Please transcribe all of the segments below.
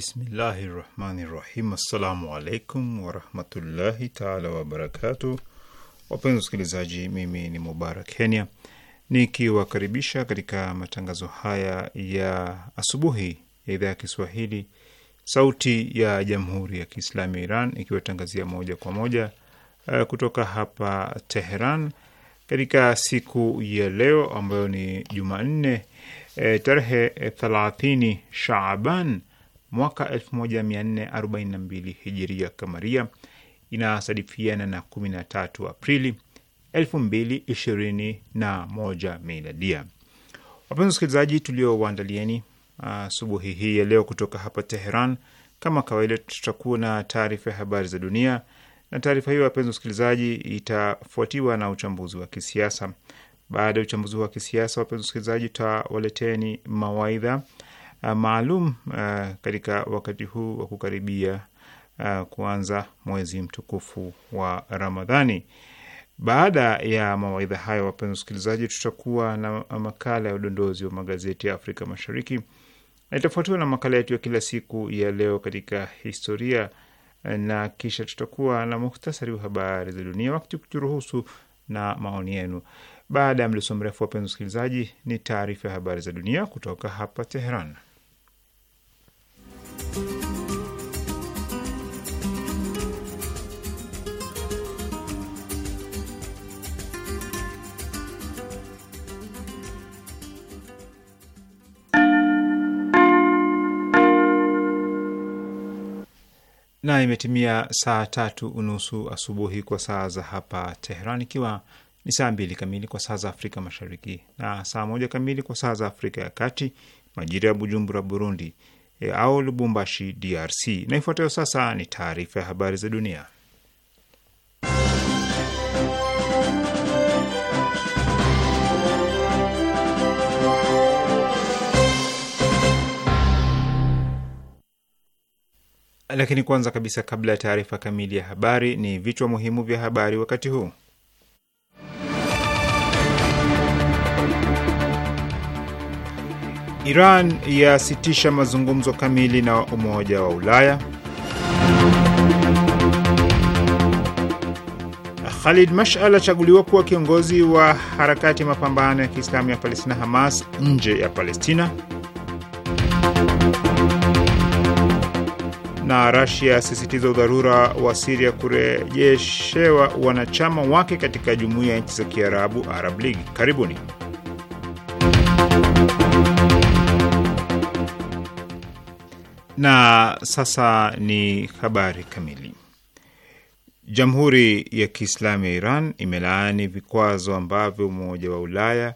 Bismillahi rahmani rahim. Assalamu alaikum warahmatullahi taala wabarakatu. Wapenzi wasikilizaji, mimi ni Mubarak Kenya nikiwakaribisha katika matangazo haya ya asubuhi ya idhaa ya Kiswahili Sauti ya Jamhuri ya Kiislamu ya Iran ikiwatangazia moja kwa moja uh, kutoka hapa Teheran katika siku ya leo ambayo ni Jumanne eh, tarehe 30 Shaaban mwaka 1442 hijiria kamaria inasadifiana na 13 Aprili 2021 miladia. Wapenzi wasikilizaji, tuliowaandalieni uh, asubuhi uh, hii ya leo kutoka hapa Teheran, kama kawaida, tutakuwa na taarifa ya habari za dunia, na taarifa hiyo wapenzi wasikilizaji, itafuatiwa na uchambuzi wa kisiasa. Baada ya uchambuzi wa kisiasa, wapenzi wasikilizaji, tutawaleteni mawaidha Uh, maalum uh, katika wakati huu wa kukaribia uh, kuanza mwezi mtukufu wa Ramadhani. Baada ya mawaidha hayo, wapenzi wasikilizaji, tutakuwa na makala ya udondozi wa magazeti ya Afrika Mashariki na itafuatiwa na makala yetu ya kila siku ya leo katika historia, na kisha tutakuwa na muhtasari wa habari za dunia, wakati kuturuhusu na maoni yenu. Baada ya mdoso mrefu, wapenzi wasikilizaji, ni taarifa ya habari za dunia kutoka hapa Teheran na imetimia saa tatu unusu asubuhi kwa saa za hapa Teheran, ikiwa ni saa mbili kamili kwa saa za Afrika Mashariki na saa moja kamili kwa saa za Afrika ya Kati, majira ya Bujumbura, Burundi. E, au Lubumbashi, DRC. Na ifuatayo sasa ni taarifa ya habari za dunia. Lakini kwanza kabisa, kabla ya taarifa kamili ya habari, ni vichwa muhimu vya habari wakati huu. Iran yasitisha mazungumzo kamili na Umoja wa Ulaya. Khalid Mashal achaguliwa kuwa kiongozi wa harakati ya mapambano ya Kiislamu ya Palestina Hamas nje ya Palestina. Na Rasia asisitiza udharura wa Siria kurejeshewa wanachama wake katika jumuiya ya nchi za Kiarabu, Arab League. Karibuni. Na sasa ni habari kamili. Jamhuri ya Kiislamu ya Iran imelaani vikwazo ambavyo Umoja wa Ulaya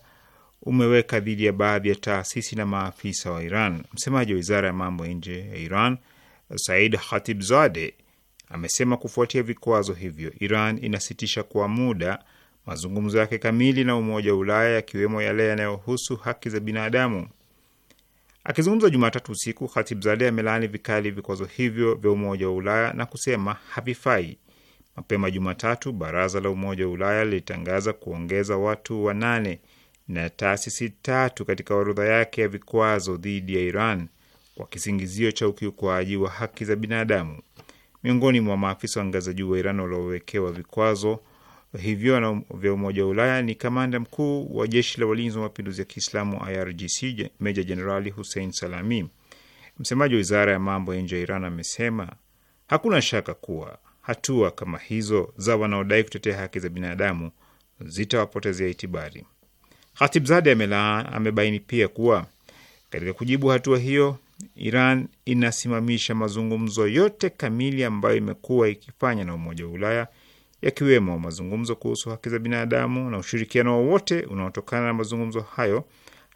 umeweka dhidi ya baadhi ya taasisi na maafisa wa Iran. Msemaji wa wizara ya mambo ya nje ya Iran, Said Khatibzade, amesema kufuatia vikwazo hivyo, Iran inasitisha kwa muda mazungumzo yake kamili na Umoja wa Ulaya, yakiwemo yale yanayohusu haki za binadamu. Akizungumza Jumatatu usiku, Khatibzadeh amelaani vikali vikwazo hivyo vya Umoja wa Ulaya na kusema havifai. Mapema Jumatatu, baraza la Umoja wa Ulaya lilitangaza kuongeza watu wanane na taasisi tatu katika orodha yake ya vikwazo dhidi ya Iran kwa kisingizio cha ukiukwaji wa haki za binadamu. Miongoni mwa maafisa wa ngazi juu wa Iran waliowekewa vikwazo hivyo vya Umoja wa Ulaya ni kamanda mkuu wa jeshi la walinzi wa mapinduzi ya Kiislamu IRGC Meja Jenerali Hussein Salami. Msemaji wa wizara ya mambo ya nje ya Iran amesema hakuna shaka kuwa hatua kama hizo za wanaodai kutetea haki za binadamu zitawapotezea itibari. Khatibzade amebaini pia kuwa katika kujibu hatua hiyo, Iran inasimamisha mazungumzo yote kamili ambayo imekuwa ikifanya na Umoja wa Ulaya yakiwemo mazungumzo kuhusu haki za binadamu na ushirikiano wowote unaotokana na mazungumzo hayo,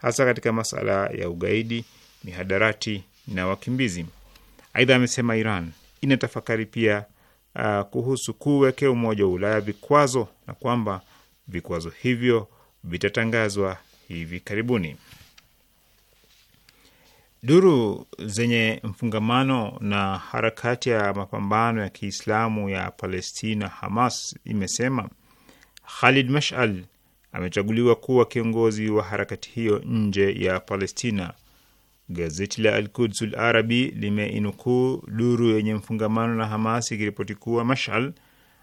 hasa katika masala ya ugaidi, mihadarati na wakimbizi. Aidha, amesema Iran inatafakari pia uh, kuhusu kuwekea Umoja wa Ulaya vikwazo na kwamba vikwazo hivyo vitatangazwa hivi karibuni. Duru zenye mfungamano na harakati ya mapambano ya Kiislamu ya Palestina Hamas imesema Khalid Mashal amechaguliwa kuwa kiongozi wa harakati hiyo nje ya Palestina. Gazeti la Al-Quds Al-Arabi limeinukuu duru yenye mfungamano na Hamas ikiripoti kuwa Mashal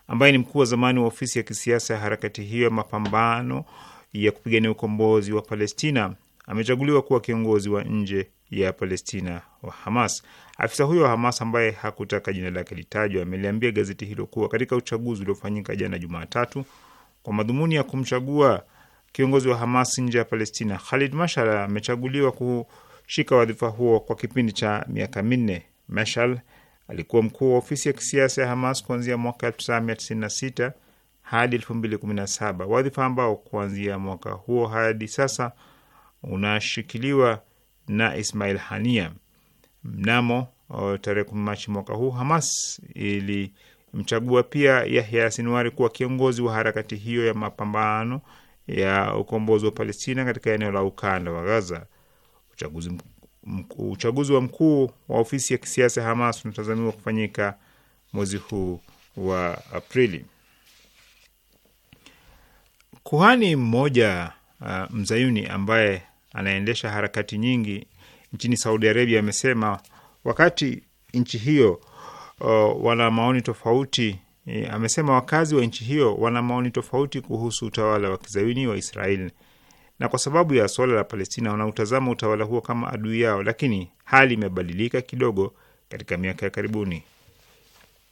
ambaye ni mkuu wa zamani wa ofisi ya kisiasa ya harakati hiyo ya mapambano ya kupigania ukombozi wa Palestina amechaguliwa kuwa kiongozi wa nje ya Palestina wa Hamas. Afisa huyo wa Hamas ambaye hakutaka jina lake litajwa ameliambia gazeti hilo kuwa katika uchaguzi uliofanyika jana Jumatatu kwa madhumuni ya kumchagua kiongozi wa Hamas nje ya Palestina, Khalid Mashal amechaguliwa kushika wadhifa huo kwa kipindi cha miaka minne. Mashal alikuwa mkuu wa ofisi ya kisiasa ya Hamas kuanzia mwaka 1996 hadi 2017, wadhifa ambao kuanzia mwaka huo hadi sasa unashikiliwa na Ismail Hania. Mnamo uh, tarehe kumi Machi mwaka huu Hamas ilimchagua pia Yahya Sinwari kuwa kiongozi wa harakati hiyo ya mapambano ya ukombozi wa Palestina katika eneo la ukanda wa Gaza. Uchaguzi, mkuu, uchaguzi wa mkuu wa ofisi ya kisiasa Hamas unatazamiwa kufanyika mwezi huu wa Aprili. Kuhani mmoja uh, mzayuni ambaye anaendesha harakati nyingi nchini Saudi Arabia amesema wakati nchi hiyo uh, wana maoni tofauti e, amesema wakazi wa nchi hiyo wana maoni tofauti kuhusu utawala wa kizayuni wa Israel na kwa sababu ya suala la Palestina wanautazama utawala huo kama adui yao, lakini hali imebadilika kidogo katika miaka ya karibuni.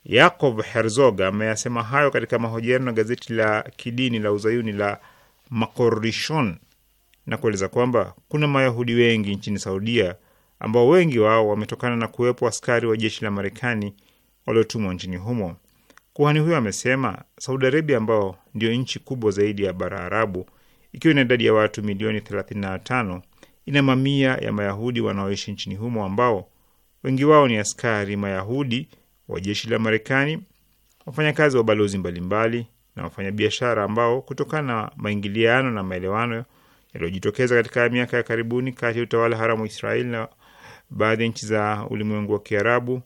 Yakov Herzog ameyasema hayo katika mahojiano na gazeti la kidini la uzayuni la Makorishon na kueleza kwamba kuna Mayahudi wengi nchini Saudia ambao wengi wao wametokana na kuwepo askari wa jeshi la Marekani waliotumwa nchini humo. Kuhani huyo amesema Saudi Arabia, ambao ndio nchi kubwa zaidi ya bara Arabu ikiwa na idadi ya watu milioni 35, ina mamia ya Mayahudi wanaoishi nchini humo ambao wengi wao ni askari Mayahudi wa jeshi la Marekani, wafanyakazi wa balozi mbalimbali na wafanyabiashara ambao kutokana na maingiliano na maelewano yaliyojitokeza katika miaka ya karibuni kati ya utawala haramu wa Israeli na baadhi ya nchi za ulimwengu wa Kiarabu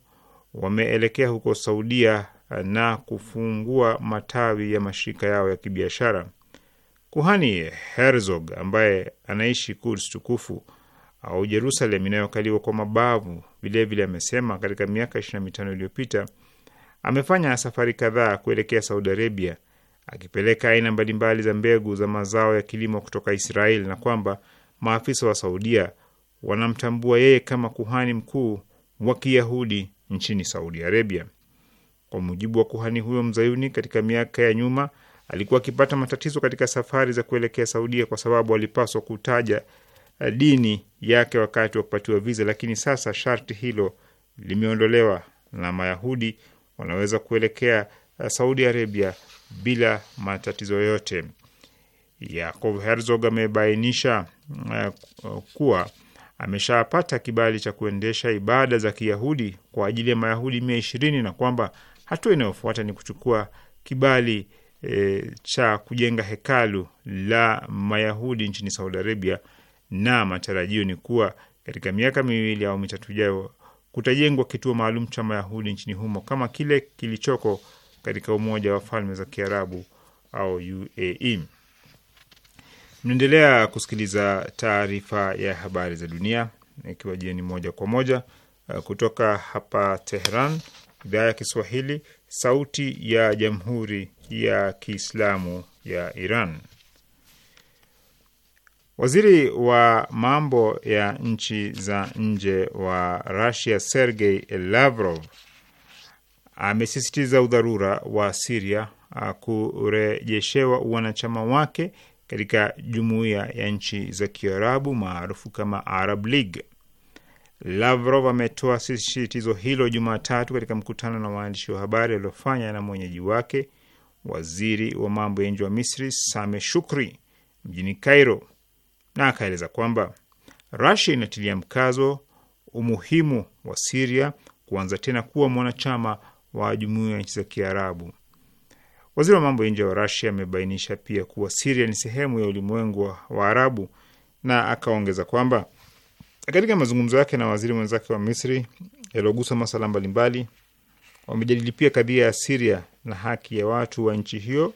wameelekea huko Saudia na kufungua matawi ya mashirika yao ya kibiashara. Kuhani Herzog ambaye anaishi Kuds tukufu au Jerusalem inayokaliwa kwa mabavu vilevile, amesema katika miaka 25 iliyopita amefanya safari kadhaa kuelekea Saudi Arabia akipeleka aina mbalimbali za mbegu za mazao ya kilimo kutoka Israeli na kwamba maafisa wa Saudia wanamtambua yeye kama kuhani mkuu wa Kiyahudi nchini Saudi Arabia. Kwa mujibu wa kuhani huyo mzayuni, katika miaka ya nyuma alikuwa akipata matatizo katika safari za kuelekea Saudia kwa sababu alipaswa kutaja eh, dini yake wakati wa kupatiwa viza, lakini sasa sharti hilo limeondolewa na Mayahudi wanaweza kuelekea eh, Saudi Arabia bila matatizo yote Yakov Herzog amebainisha uh, kuwa ameshapata kibali cha kuendesha ibada za Kiyahudi kwa ajili ya Mayahudi mia ishirini na kwamba hatua inayofuata ni kuchukua kibali e, cha kujenga hekalu la Mayahudi nchini Saudi Arabia, na matarajio ni kuwa katika miaka miwili au mitatu ijayo kutajengwa kituo maalum cha Mayahudi nchini humo kama kile kilichoko katika Umoja wa Falme za Kiarabu au UAE. Mnaendelea kusikiliza taarifa ya habari za dunia ikiwa jioni moja kwa moja uh, kutoka hapa Tehran, idhaa ya Kiswahili, sauti ya Jamhuri ya Kiislamu ya Iran. Waziri wa mambo ya nchi za nje wa Russia Sergei Lavrov amesisitiza udharura wa Siria uh, kurejeshewa wanachama wake katika jumuiya ya nchi za Kiarabu maarufu kama Arab League. Lavrov ametoa sisitizo hilo Jumatatu katika mkutano na waandishi wa habari aliofanya na mwenyeji wake waziri wa mambo ya nje wa Misri Same Shukri mjini Cairo, na akaeleza kwamba Russia inatilia mkazo umuhimu wa Siria kuanza tena kuwa mwanachama wa jumuiya ya nchi za Kiarabu. Waziri wa mambo ya nje wa Rasia amebainisha pia kuwa Siria ni sehemu ya ulimwengu wa Arabu na akaongeza kwamba katika mazungumzo yake na waziri mwenzake wa Misri yaliogusa masala mbalimbali, wamejadili pia kadhia ya Siria na haki ya watu wa nchi hiyo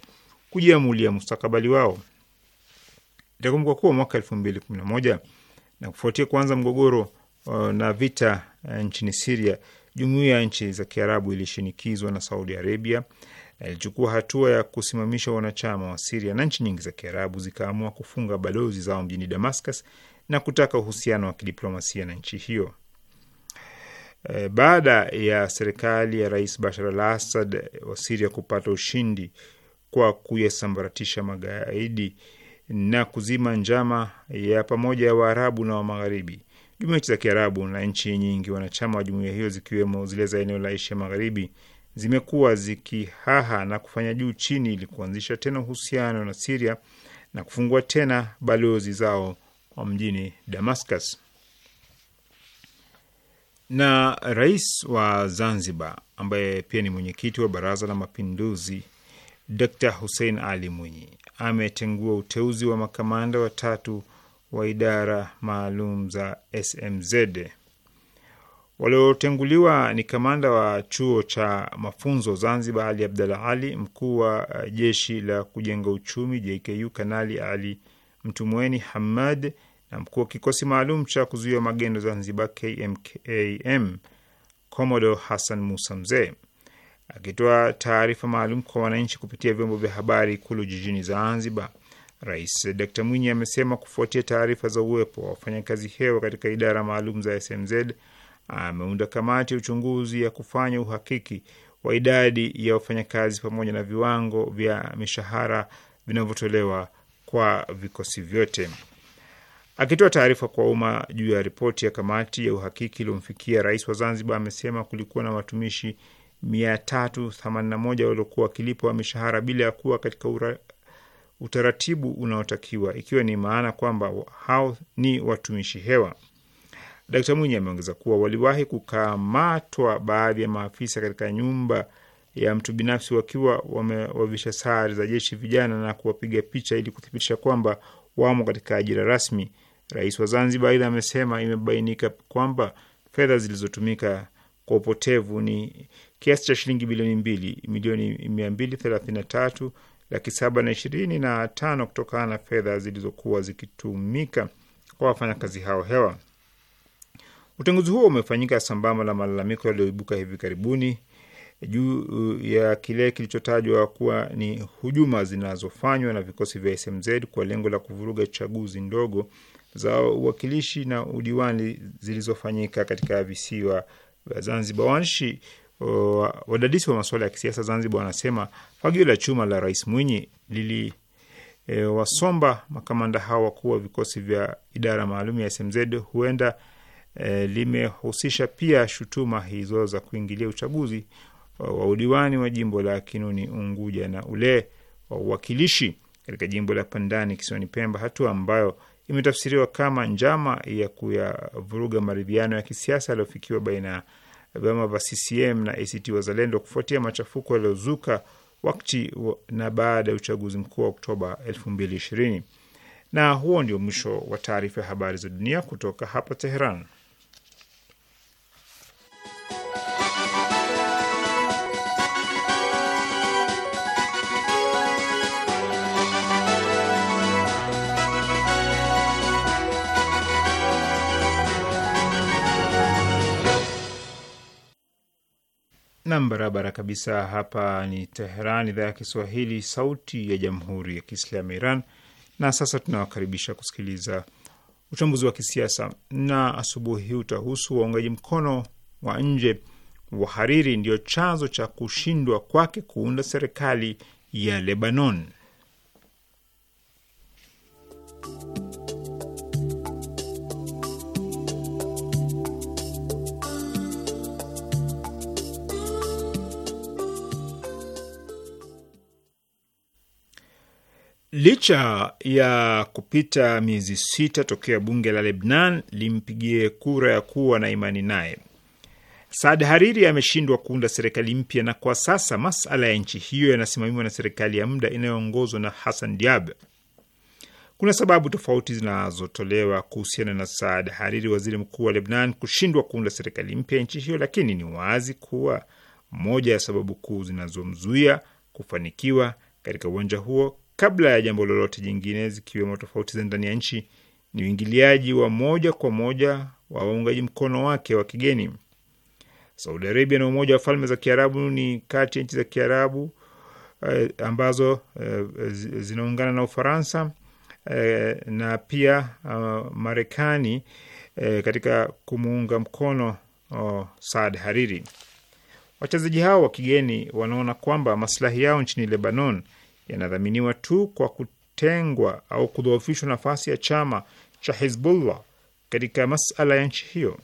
kujiamulia mustakabali wao. Itakumbukwa kuwa mwaka elfu mbili kumi na moja na kufuatia kuanza mgogoro uh, na vita uh, nchini Siria, Jumuiya ya nchi za Kiarabu ilishinikizwa na Saudi Arabia na ilichukua hatua ya kusimamisha wanachama wa Siria, na nchi nyingi za Kiarabu zikaamua kufunga balozi zao mjini Damascus na kutaka uhusiano wa kidiplomasia na nchi hiyo. E, baada ya serikali ya Rais Bashar al Assad wa Siria kupata ushindi kwa kuyasambaratisha magaidi na kuzima njama ya pamoja ya Waarabu na wa Magharibi, Jumuiya nchi za Kiarabu na nchi nyingi wanachama wa jumuiya hiyo zikiwemo zile za eneo la Asia Magharibi zimekuwa zikihaha na kufanya juu chini ili kuanzisha tena uhusiano na Siria na kufungua tena balozi zao mjini Damascus. Na rais wa Zanzibar ambaye pia ni mwenyekiti wa Baraza la Mapinduzi Dr Hussein Ali Mwinyi ametengua uteuzi wa makamanda watatu wa idara maalum za SMZ. Waliotenguliwa ni kamanda wa chuo cha mafunzo Zanzibar Ali Abdalla Ali, mkuu wa uh, jeshi la kujenga uchumi JKU Kanali Ali Mtumweni Hamad na mkuu wa kikosi maalum cha kuzuia magendo Zanzibar kmkam Komodo Hassan Musa Mzee. Akitoa taarifa maalum kwa wananchi kupitia vyombo vya habari Ikulu jijini Zanzibar, Rais Dkt Mwinyi amesema kufuatia taarifa za uwepo wa wafanyakazi hewa katika idara maalum za SMZ ameunda kamati ya uchunguzi ya kufanya uhakiki wa idadi ya wafanyakazi pamoja na viwango vya mishahara vinavyotolewa kwa vikosi vyote. Akitoa taarifa kwa umma juu ya ripoti ya kamati ya uhakiki iliyomfikia rais wa Zanzibar, amesema kulikuwa na watumishi 381 waliokuwa wakilipwa mishahara bila ya kuwa katika utaratibu unaotakiwa, ikiwa ni maana kwamba hao ni watumishi hewa. Dkt Mwinyi ameongeza kuwa waliwahi kukamatwa baadhi ya maafisa katika nyumba ya mtu binafsi wakiwa wamewavisha sare za jeshi vijana na kuwapiga picha ili kuthibitisha kwamba wamo katika ajira rasmi. Rais wa Zanzibar aidha amesema imebainika kwamba fedha zilizotumika kwa upotevu ni kiasi cha shilingi bilioni mbili milioni mia mbili thelathini na tatu laki saba na ishirini na tano kutokana na fedha zilizokuwa zikitumika kwa wafanyakazi hao hewa. Utenguzi huo umefanyika sambamba na malalamiko yaliyoibuka hivi karibuni juu uh, ya kile kilichotajwa kuwa ni hujuma zinazofanywa na vikosi vya SMZ kwa lengo la kuvuruga chaguzi ndogo za uwakilishi na udiwani zilizofanyika katika visiwa vya Zanzibar. wanshi wadadisi wa masuala ya kisiasa Zanzibar wanasema fagio la chuma la Rais Mwinyi lili E, wasomba makamanda hao wakuu wa vikosi vya idara maalum ya SMZ huenda e, limehusisha pia shutuma hizo za kuingilia uchaguzi e, wa udiwani wa jimbo la Kinuni Unguja na ule wa uwakilishi katika jimbo la Pandani kisiwani Pemba, hatua ambayo imetafsiriwa kama njama ya kuyavuruga maridhiano ya kisiasa yaliyofikiwa baina ya vyama vya CCM na ACT Wazalendo kufuatia machafuko yaliyozuka wakati na baada ya uchaguzi mkuu wa Oktoba 2020. Na huo ndio mwisho wa taarifa ya habari za dunia kutoka hapa Teheran. Nam, barabara kabisa. Hapa ni Teheran, idhaa ya Kiswahili, sauti ya jamhuri ya kiislamu Iran. Na sasa tunawakaribisha kusikiliza uchambuzi wa kisiasa, na asubuhi hii utahusu waungaji mkono wa nje wa Hariri ndiyo chanzo cha kushindwa kwake kuunda serikali ya Lebanon. Licha ya kupita miezi sita tokea bunge la Lebnan limpigie kura ya kuwa na imani naye, Saad Hariri ameshindwa kuunda serikali mpya, na kwa sasa masala ya nchi hiyo yanasimamiwa na serikali ya muda inayoongozwa na Hassan Diab. Kuna sababu tofauti zinazotolewa kuhusiana na Saad Hariri, waziri mkuu wa Lebnan, kushindwa kuunda serikali mpya ya nchi hiyo, lakini ni wazi kuwa moja ya sababu kuu zinazomzuia kufanikiwa katika uwanja huo kabla ya jambo lolote jingine, zikiwemo tofauti za ndani ya nchi, ni uingiliaji wa moja kwa moja wa waungaji mkono wake wa kigeni. Saudi Arabia na Umoja wa Falme za Kiarabu ni kati ya nchi za Kiarabu eh, ambazo eh, zinaungana na Ufaransa eh, na pia uh, Marekani eh, katika kumuunga mkono oh, Saad Hariri. Wachezaji hao wa kigeni wanaona kwamba maslahi yao nchini Lebanon yanadhaminiwa tu kwa kutengwa au kudhoofishwa nafasi ya chama cha Hizbullah katika masala ya nchi hiyo.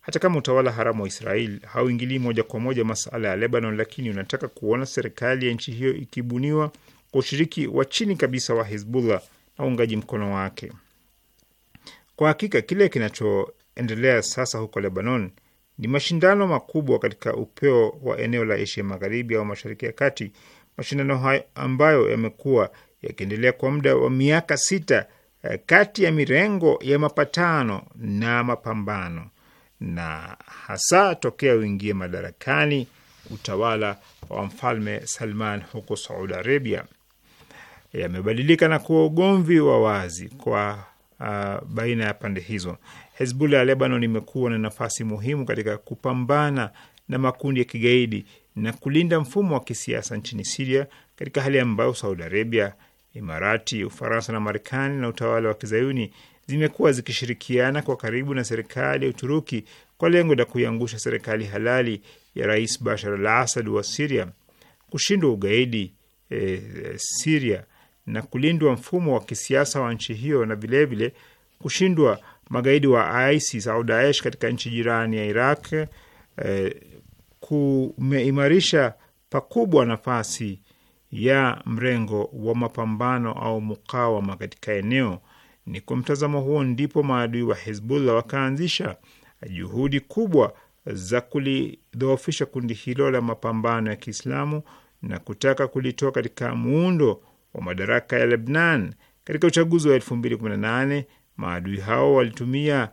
Hata kama utawala haramu wa Israel hauingilii moja kwa moja masala ya Lebanon, lakini unataka kuona serikali ya nchi hiyo ikibuniwa kwa ushiriki wa chini kabisa wa Hizbullah na uungaji mkono wake. Kwa hakika kile kinachoendelea sasa huko Lebanon ni mashindano makubwa katika upeo wa eneo la Asia Magharibi au Mashariki ya Kati Mashindano hayo ambayo yamekuwa yakiendelea kwa muda wa miaka sita eh, kati ya mirengo ya mapatano na mapambano na hasa tokea uingie madarakani utawala wa mfalme Salman huko Saudi Arabia yamebadilika na kuwa ugomvi wa wazi kwa uh, baina ya pande hizo. Hezbollah ya Lebanon imekuwa na nafasi muhimu katika kupambana na makundi ya kigaidi na kulinda mfumo wa kisiasa nchini Siria katika hali ambayo Saudi Arabia, Imarati, Ufaransa na Marekani na utawala wa kizayuni zimekuwa zikishirikiana kwa karibu na serikali ya Uturuki kwa lengo la kuiangusha serikali halali ya Rais Bashar al Asad wa Siria. Kushindwa ugaidi e, eh, Siria na kulindwa mfumo wa kisiasa wa nchi hiyo na vilevile kushindwa magaidi wa ISIS au Daesh katika nchi jirani ya Iraq e, kumeimarisha pakubwa nafasi ya mrengo wa mapambano au mukawama katika eneo. Ni kwa mtazamo huo ndipo maadui wa Hezbollah wakaanzisha juhudi kubwa za kulidhoofisha kundi hilo la mapambano ya Kiislamu na kutaka kulitoa katika muundo wa madaraka ya Lebnan. Katika uchaguzi wa 2018 maadui hao walitumia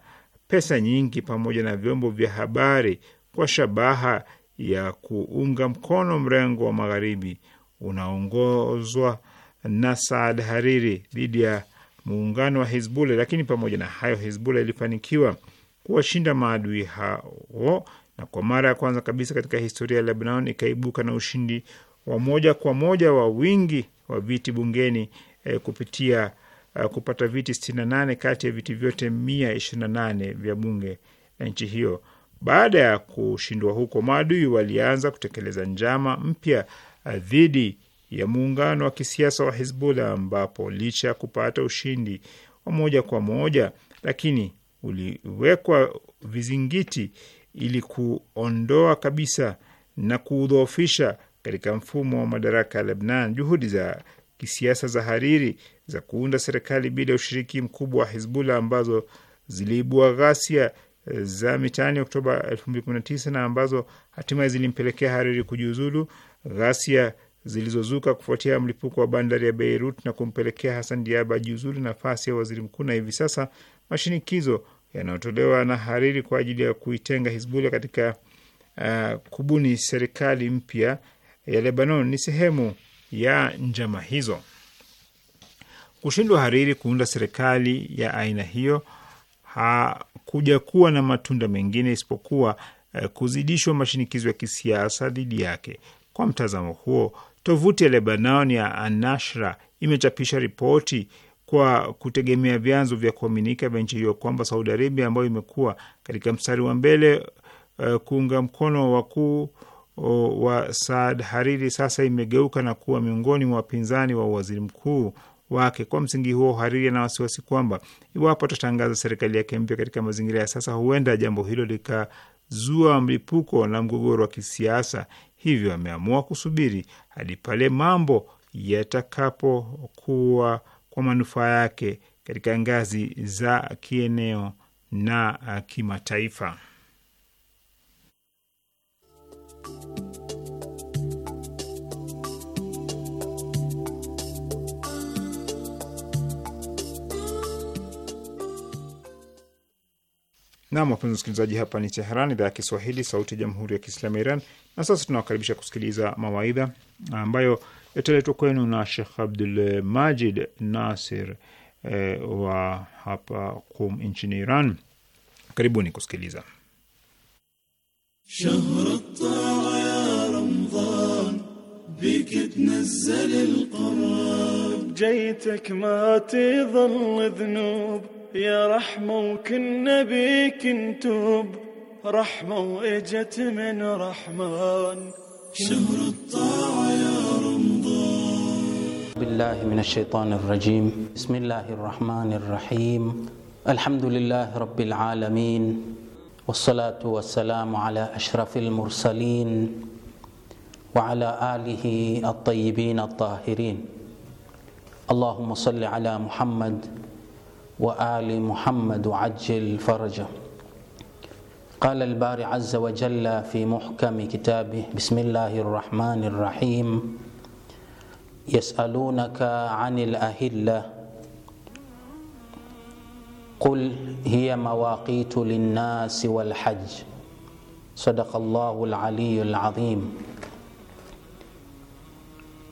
pesa nyingi pamoja na vyombo vya habari kwa shabaha ya kuunga mkono mrengo wa magharibi unaongozwa na Saad Hariri dhidi ya muungano wa Hizbullah. Lakini pamoja na hayo, Hizbullah ilifanikiwa kuwashinda maadui hao, na kwa mara ya kwanza kabisa katika historia ya Lebanon ikaibuka na ushindi wa moja kwa moja wa wingi wa viti bungeni eh, kupitia eh, kupata viti 68 kati ya viti vyote 128 vya bunge ya nchi hiyo. Baada ya kushindwa huko, maadui walianza kutekeleza njama mpya uh, dhidi ya muungano wa kisiasa wa Hizbullah, ambapo licha ya kupata ushindi wa moja kwa moja, lakini uliwekwa vizingiti ili kuondoa kabisa na kuudhoofisha katika mfumo wa madaraka ya Lebnan. Juhudi za kisiasa za Hariri za kuunda serikali bila ushiriki mkubwa wa Hizbullah ambazo ziliibua ghasia za mitaani Oktoba 2019 na ambazo hatimaye zilimpelekea Hariri kujiuzulu, ghasia zilizozuka kufuatia mlipuko wa bandari ya Beirut na kumpelekea Hassan Diaba jiuzulu nafasi ya waziri mkuu, na hivi sasa mashinikizo yanayotolewa na Hariri kwa ajili ya kuitenga Hizbullah katika uh, kubuni serikali mpya ya Lebanon ni sehemu ya njama hizo. Kushindwa Hariri kuunda serikali ya aina hiyo ha hakuja kuwa na matunda mengine isipokuwa eh, kuzidishwa mashinikizo ya kisiasa dhidi yake. Kwa mtazamo huo, tovuti ya Lebanon ya Anashra imechapisha ripoti kwa kutegemea vyanzo vya kuaminika vya nchi hiyo kwamba Saudi Arabia ambayo imekuwa katika mstari wa mbele uh, kuunga mkono wakuu wa Saad Hariri sasa imegeuka na kuwa miongoni mwa wapinzani wa waziri mkuu wake. Kwa msingi huo, Hariri ana wasiwasi kwamba iwapo atatangaza serikali yake mpya katika mazingira ya sasa, huenda jambo hilo likazua mlipuko na mgogoro wa kisiasa. Hivyo ameamua kusubiri hadi pale mambo yatakapokuwa kwa manufaa yake katika ngazi za kieneo na kimataifa. Nam, wapenzi wasikilizaji, hapa ni Teheran, idhaa ya Kiswahili, sauti ya jamhuri ya kiislamu ya Iran. Na sasa tunawakaribisha kusikiliza mawaidha ambayo yataletwa kwenu na Shekh Abdul Majid Nasir eh, wa hapa Qum nchini Iran. Karibuni kusikiliza بك يا رحمة وكنا بيك نتوب رحمة وإجت من رحمن شهر الطاعة يا رمضان بالله من الشيطان الرجيم بسم الله الرحمن الرحيم الحمد لله رب العالمين والصلاة والسلام على أشرف المرسلين وعلى آله الطيبين الطاهرين اللهم صل على محمد وال محمد وعجل فرجه قال الباري عز وجل في محكم كتابه بسم الله الرحمن الرحيم يسالونك عن الاهله قل هي مواقيت للناس والحج صدق الله العلي العظيم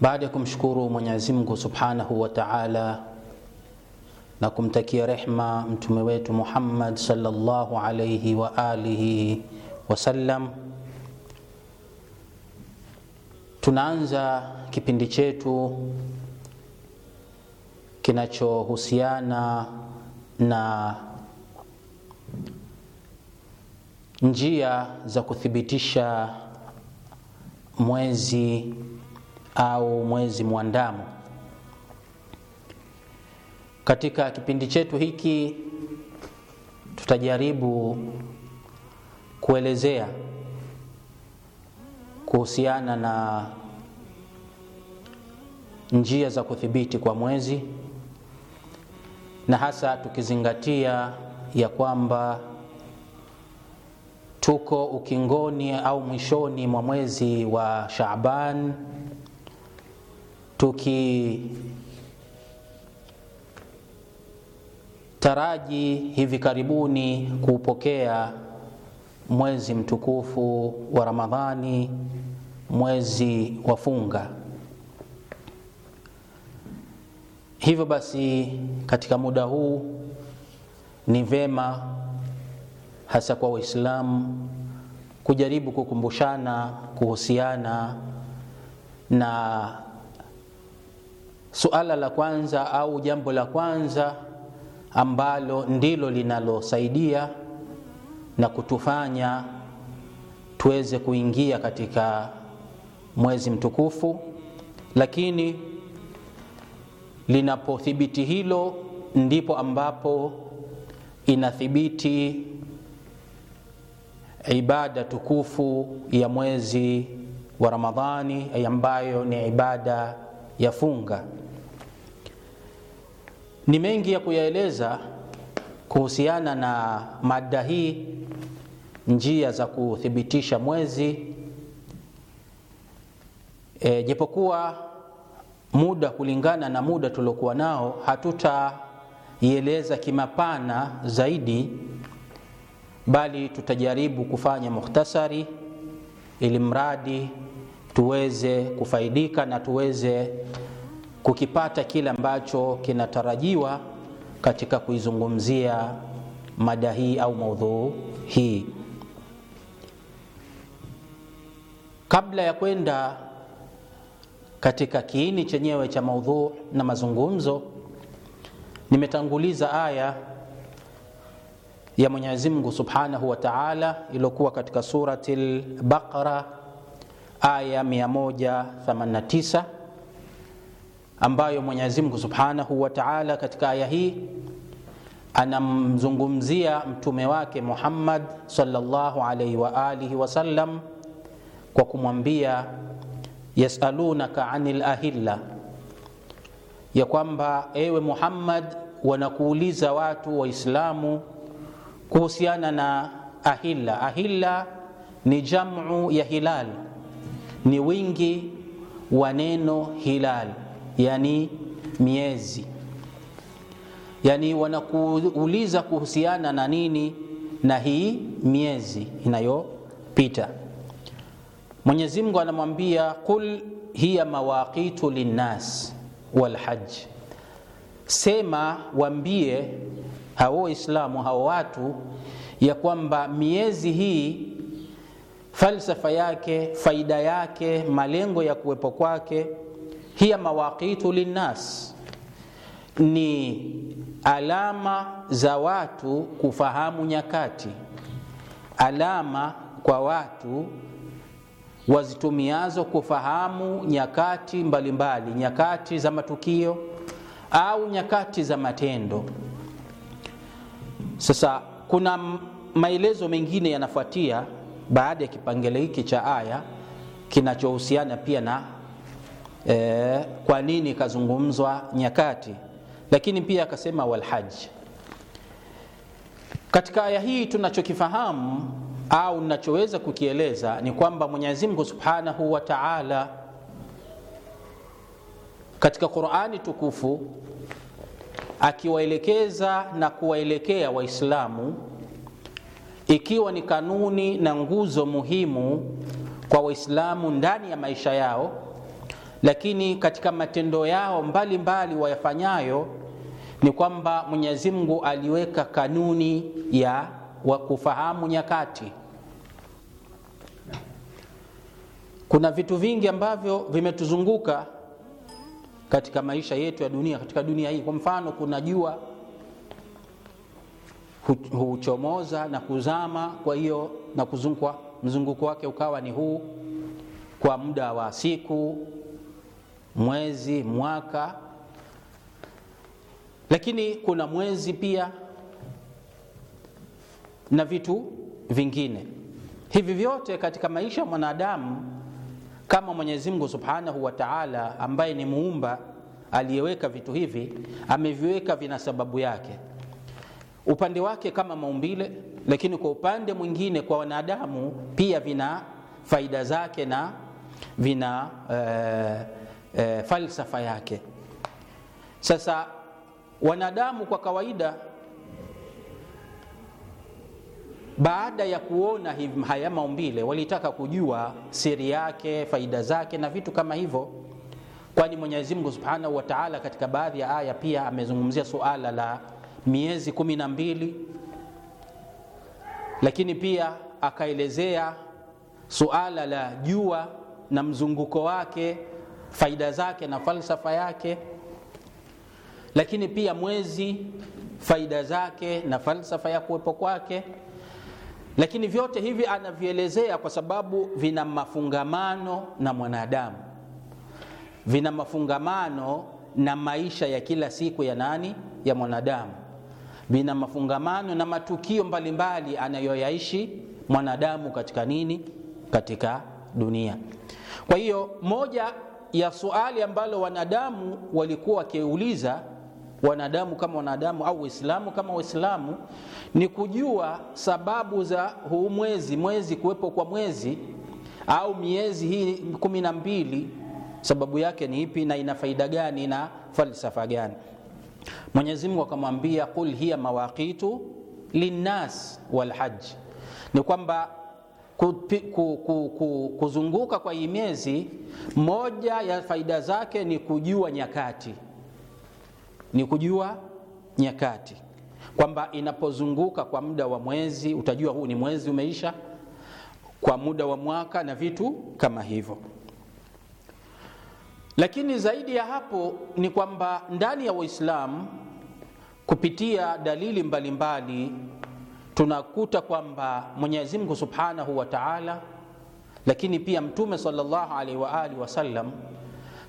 بعدكم شكروا من mwenyezi سبحانه وتعالى na kumtakia rehma mtume wetu Muhammad sallallahu alayhi wa alihi wasallam. Tunaanza kipindi chetu kinachohusiana na njia za kuthibitisha mwezi au mwezi mwandamo. Katika kipindi chetu hiki tutajaribu kuelezea kuhusiana na njia za kudhibiti kwa mwezi, na hasa tukizingatia ya kwamba tuko ukingoni au mwishoni mwa mwezi wa Shaaban tuki taraji hivi karibuni kuupokea mwezi mtukufu wa Ramadhani, mwezi wa funga. Hivyo basi, katika muda huu ni vema hasa kwa Waislamu kujaribu kukumbushana kuhusiana na suala la kwanza au jambo la kwanza ambalo ndilo linalosaidia na kutufanya tuweze kuingia katika mwezi mtukufu. Lakini linapothibiti hilo, ndipo ambapo inathibiti ibada tukufu ya mwezi wa Ramadhani ambayo ni ibada ya funga. Ni mengi ya kuyaeleza kuhusiana na mada hii, njia za kuthibitisha mwezi. E, japokuwa muda kulingana na muda tuliokuwa nao hatutaieleza kimapana zaidi, bali tutajaribu kufanya mukhtasari, ili mradi tuweze kufaidika na tuweze kukipata kile ambacho kinatarajiwa katika kuizungumzia mada hii au maudhuu hii. Kabla ya kwenda katika kiini chenyewe cha maudhuu na mazungumzo, nimetanguliza aya ya Mwenyezi Mungu Subhanahu wa Ta'ala iliyokuwa katika surati Al-Baqara aya 189 ambayo Mwenyezi Mungu Subhanahu wa Ta'ala katika aya hii anamzungumzia mtume wake Muhammad sallallahu alayhi wa alihi sallam kwa kumwambia yasalunaka anil ahilla, ya kwamba ewe Muhammad, wanakuuliza watu Waislamu kuhusiana na ahilla. Ahilla ni jamu ya hilal, ni wingi wa neno hilal yani miezi yani wanakuuliza kuhusiana na nini na hii miezi inayopita mwenyezi mungu anamwambia qul hiya mawaqitu linnas walhaji sema wambie hao waislamu hao watu ya kwamba miezi hii falsafa yake faida yake malengo ya kuwepo kwake hiya mawaqitu linnas, ni alama za watu kufahamu nyakati, alama kwa watu wazitumiazo kufahamu nyakati mbalimbali mbali, nyakati za matukio au nyakati za matendo. Sasa kuna maelezo mengine yanafuatia baada ya kipengele hiki cha aya kinachohusiana pia na e, kwa nini kazungumzwa nyakati lakini pia akasema walhaji katika aya hii tunachokifahamu au nachoweza kukieleza ni kwamba mwenyezi mungu subhanahu wa taala katika qurani tukufu akiwaelekeza na kuwaelekea waislamu ikiwa ni kanuni na nguzo muhimu kwa waislamu ndani ya maisha yao lakini katika matendo yao mbalimbali wayafanyayo ni kwamba Mwenyezi Mungu aliweka kanuni ya wa kufahamu nyakati. Kuna vitu vingi ambavyo vimetuzunguka katika maisha yetu ya dunia, katika dunia hii. Kwa mfano, kuna jua huchomoza na kuzama, kwa hiyo na kuzungukwa mzunguko wake ukawa ni huu kwa muda wa siku mwezi, mwaka. Lakini kuna mwezi pia na vitu vingine. Hivi vyote katika maisha ya mwanadamu, kama Mwenyezi Mungu Subhanahu wa Ta'ala, ambaye ni muumba aliyeweka vitu hivi, ameviweka vina sababu yake upande wake kama maumbile, lakini kwa upande mwingine kwa wanadamu pia vina faida zake na vina eh, e, falsafa yake. Sasa wanadamu kwa kawaida, baada ya kuona haya maumbile, walitaka kujua siri yake, faida zake na vitu kama hivyo, kwani Mwenyezi Mungu Subhanahu wa Ta'ala katika baadhi ya aya pia amezungumzia suala la miezi kumi na mbili, lakini pia akaelezea suala la jua na mzunguko wake faida zake na falsafa yake, lakini pia mwezi, faida zake na falsafa ya kuwepo kwake, lakini vyote hivi anavielezea kwa sababu vina mafungamano na mwanadamu, vina mafungamano na maisha ya kila siku ya nani, ya mwanadamu, vina mafungamano na matukio mbalimbali anayoyaishi mwanadamu katika nini, katika dunia. Kwa hiyo moja ya suali ambalo wanadamu walikuwa wakiuliza wanadamu kama wanadamu au Waislamu kama Waislamu ni kujua sababu za huu mwezi mwezi kuwepo kwa mwezi au miezi hii kumi na mbili, sababu yake ni ipi na ina faida gani na falsafa gani? Mwenyezi Mungu akamwambia, qul hiya mawaqitu linnas walhaji, ni kwamba Kupi, ku, ku, ku, kuzunguka kwa hii miezi, moja ya faida zake ni kujua nyakati, ni kujua nyakati kwamba inapozunguka kwa muda wa mwezi utajua huu ni mwezi umeisha, kwa muda wa mwaka na vitu kama hivyo. Lakini zaidi ya hapo ni kwamba ndani ya Uislamu kupitia dalili mbalimbali mbali, tunakuta kwamba Mwenyezi Mungu Subhanahu wa Ta'ala, lakini pia Mtume sallallahu alaihi wa alihi wasallam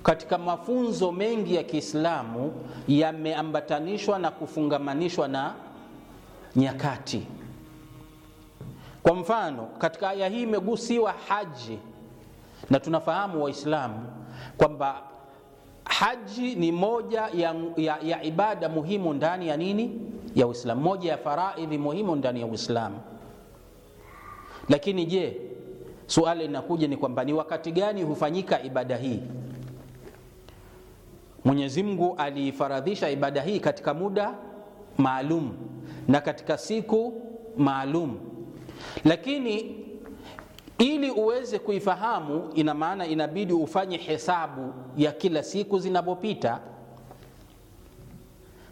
katika mafunzo mengi ya Kiislamu yameambatanishwa na kufungamanishwa na nyakati. Kwa mfano, katika aya hii imegusiwa haji, na tunafahamu Waislamu kwamba haji ni moja ya, ya, ya ibada muhimu ndani ya nini ya Uislamu, moja ya faraidhi muhimu ndani ya Uislamu. Lakini je, suali linakuja ni kwamba ni wakati gani hufanyika ibada hii? Mwenyezi Mungu aliifaradhisha ibada hii katika muda maalum na katika siku maalum, lakini ili uweze kuifahamu, ina maana inabidi ufanye hesabu ya kila siku zinapopita.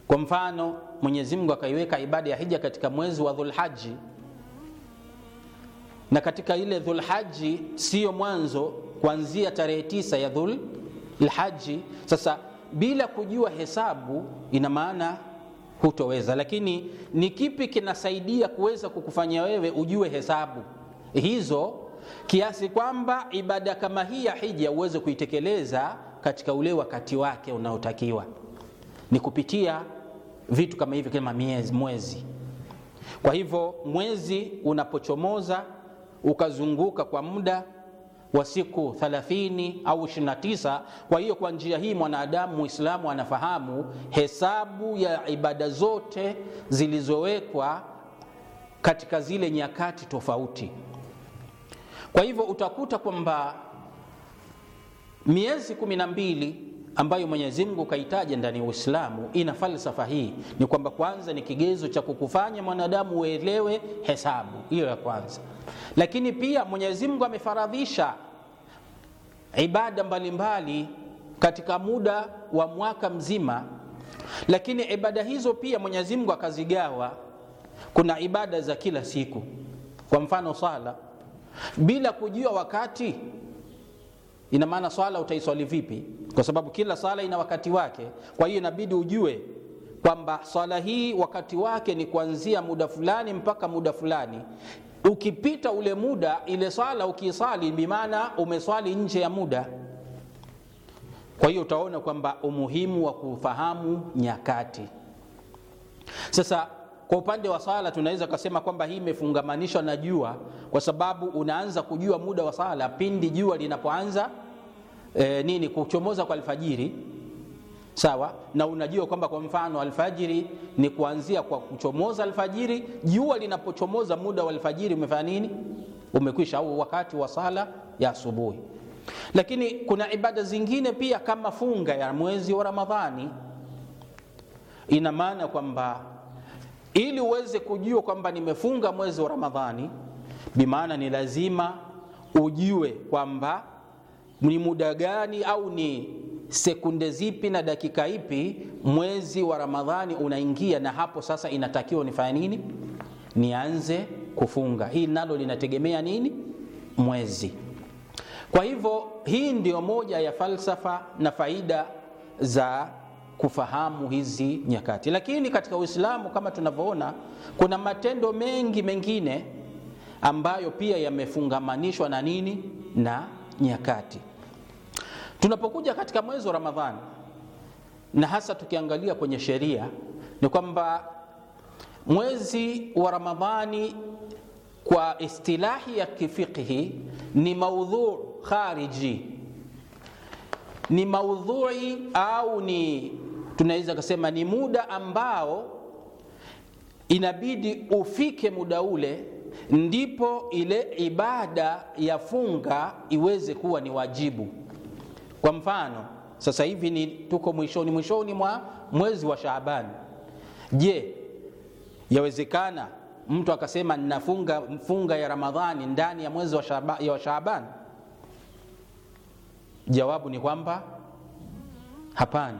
Kwa mfano Mwenyezi Mungu akaiweka ibada ya hija katika mwezi wa Dhulhaji, na katika ile Dhulhaji siyo mwanzo, kuanzia tarehe tisa ya Dhulhaji. Sasa bila kujua hesabu, ina maana hutoweza. Lakini ni kipi kinasaidia kuweza kukufanya wewe ujue hesabu hizo kiasi kwamba ibada kama hii ya hija uweze kuitekeleza katika ule wakati wake unaotakiwa? Ni kupitia vitu kama hivyo kama miezi, mwezi. Kwa hivyo mwezi unapochomoza ukazunguka kwa muda wa siku 30 au 29. Kwa hiyo kwa njia hii mwanadamu Muislamu anafahamu hesabu ya ibada zote zilizowekwa katika zile nyakati tofauti. Kwa hivyo utakuta kwamba miezi kumi na mbili ambayo Mwenyezi Mungu kaitaja ndani ya Uislamu ina falsafa hii, ni kwamba kwanza ni kigezo cha kukufanya mwanadamu uelewe hesabu, hiyo ya kwanza. Lakini pia Mwenyezi Mungu amefaradhisha ibada mbalimbali katika muda wa mwaka mzima, lakini ibada hizo pia Mwenyezi Mungu akazigawa. Kuna ibada za kila siku, kwa mfano swala. Bila kujua wakati, ina maana swala utaiswali vipi kwa sababu kila sala ina wakati wake. Kwa hiyo inabidi ujue kwamba swala hii wakati wake ni kuanzia muda fulani mpaka muda fulani. Ukipita ule muda, ile swala ukisali, bimaana umeswali nje ya muda. Kwa hiyo utaona kwamba umuhimu wa kufahamu nyakati. Sasa kwa upande wa sala tunaweza kusema kwamba hii imefungamanishwa na jua, kwa sababu unaanza kujua muda wa sala pindi jua linapoanza e, nini kuchomoza kwa alfajiri sawa na unajua kwamba kwa mfano alfajiri ni kuanzia kwa kuchomoza alfajiri jua linapochomoza muda wa alfajiri umefanya nini umekwisha au wakati wa sala ya asubuhi lakini kuna ibada zingine pia kama funga ya mwezi wa ramadhani ina maana kwamba ili uweze kujua kwamba nimefunga mwezi wa ramadhani bimaana ni lazima ujue kwamba ni muda gani au ni sekunde zipi na dakika ipi mwezi wa Ramadhani unaingia, na hapo sasa inatakiwa nifanye nini? Nianze kufunga. Hii nalo linategemea nini? Mwezi. Kwa hivyo hii ndio moja ya falsafa na faida za kufahamu hizi nyakati. Lakini katika Uislamu kama tunavyoona, kuna matendo mengi mengine ambayo pia yamefungamanishwa na nini, na nyakati. Tunapokuja katika mwezi wa Ramadhani na hasa tukiangalia kwenye sheria, ni kwamba mwezi wa Ramadhani kwa istilahi ya kifiqhi ni maudhu khariji, ni maudhui au ni tunaweza kusema ni muda ambao inabidi ufike muda ule ndipo ile ibada ya funga iweze kuwa ni wajibu. Kwa mfano sasa hivi ni tuko mwishoni mwishoni mwa mwezi wa Shaaban. Je, yawezekana mtu akasema ninafunga mfunga ya Ramadhani ndani ya mwezi wa Shaaban, ya wa Shaaban? Jawabu ni kwamba hapana,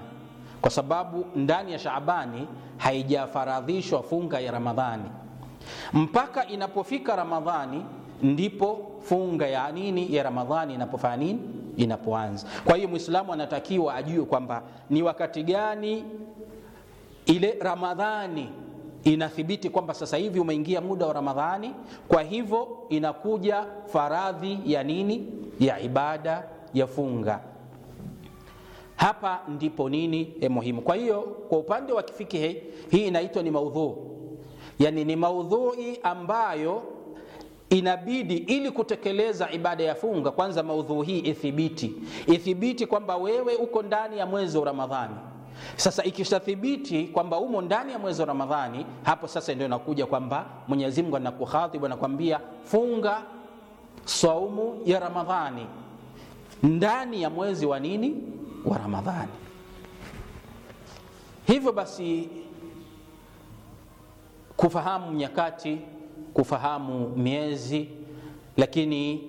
kwa sababu ndani ya Shaabani haijafaradhishwa funga ya Ramadhani mpaka inapofika Ramadhani ndipo funga ya nini ya Ramadhani inapofanya nini inapoanza. Kwa hiyo Muislamu anatakiwa ajue kwamba ni wakati gani ile Ramadhani inathibiti kwamba sasa hivi umeingia muda wa Ramadhani, kwa hivyo inakuja faradhi ya nini ya ibada ya funga. Hapa ndipo nini e, muhimu. Kwa hiyo kwa upande wa kifikihi hii inaitwa ni maudhu, yani ni maudhui ambayo inabidi ili kutekeleza ibada ya funga, kwanza maudhui hii ithibiti, ithibiti kwamba wewe uko ndani ya mwezi wa Ramadhani. Sasa ikishathibiti kwamba umo ndani ya mwezi wa Ramadhani, hapo sasa ndio inakuja kwamba Mwenyezi Mungu anakuhadhibu, anakwambia funga saumu ya Ramadhani ndani ya mwezi wa nini, wa Ramadhani. Hivyo basi kufahamu nyakati kufahamu miezi, lakini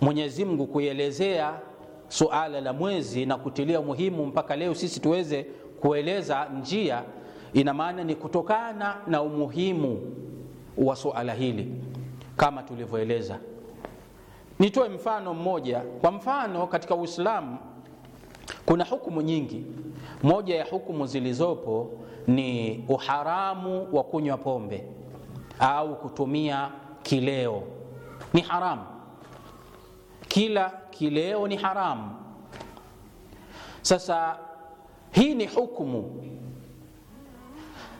Mwenyezi Mungu kuielezea suala la mwezi na kutilia muhimu mpaka leo sisi tuweze kueleza njia, ina maana ni kutokana na umuhimu wa suala hili kama tulivyoeleza. Nitoe mfano mmoja. Kwa mfano, katika Uislamu kuna hukumu nyingi. Moja ya hukumu zilizopo ni uharamu wa kunywa pombe au kutumia kileo ni haramu. Kila kileo ni haramu. Sasa hii ni hukumu.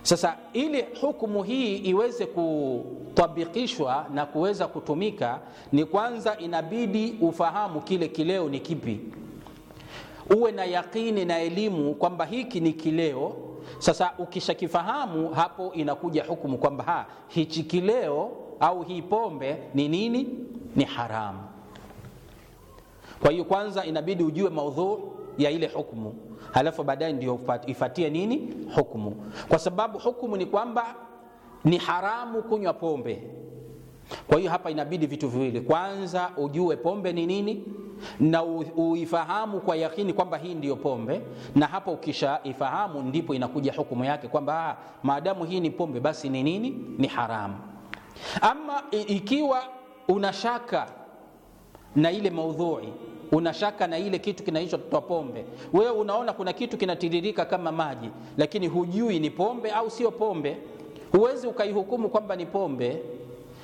Sasa ili hukumu hii iweze kutabikishwa na kuweza kutumika, ni kwanza inabidi ufahamu kile kileo ni kipi, uwe na yakini na elimu kwamba hiki ni kileo sasa ukishakifahamu hapo, inakuja hukumu kwamba ha hichi kileo au hii pombe ni nini? Ni haramu. Kwa hiyo kwanza inabidi ujue maudhu ya ile hukumu, halafu baadaye ndio ifatie nini hukumu, kwa sababu hukumu ni kwamba ni haramu kunywa pombe. Kwa hiyo hapa inabidi vitu viwili, kwanza ujue pombe ni nini na uifahamu kwa yakini kwamba hii ndiyo pombe, na hapo ukishaifahamu ndipo inakuja hukumu yake kwamba ah, maadamu hii ni pombe basi ni nini? Ni haramu. Ama ikiwa unashaka na ile maudhui unashaka na ile kitu kinaitwa pombe. Wewe unaona kuna kitu kinatiririka kama maji, lakini hujui ni pombe au sio pombe, huwezi ukaihukumu kwamba ni pombe,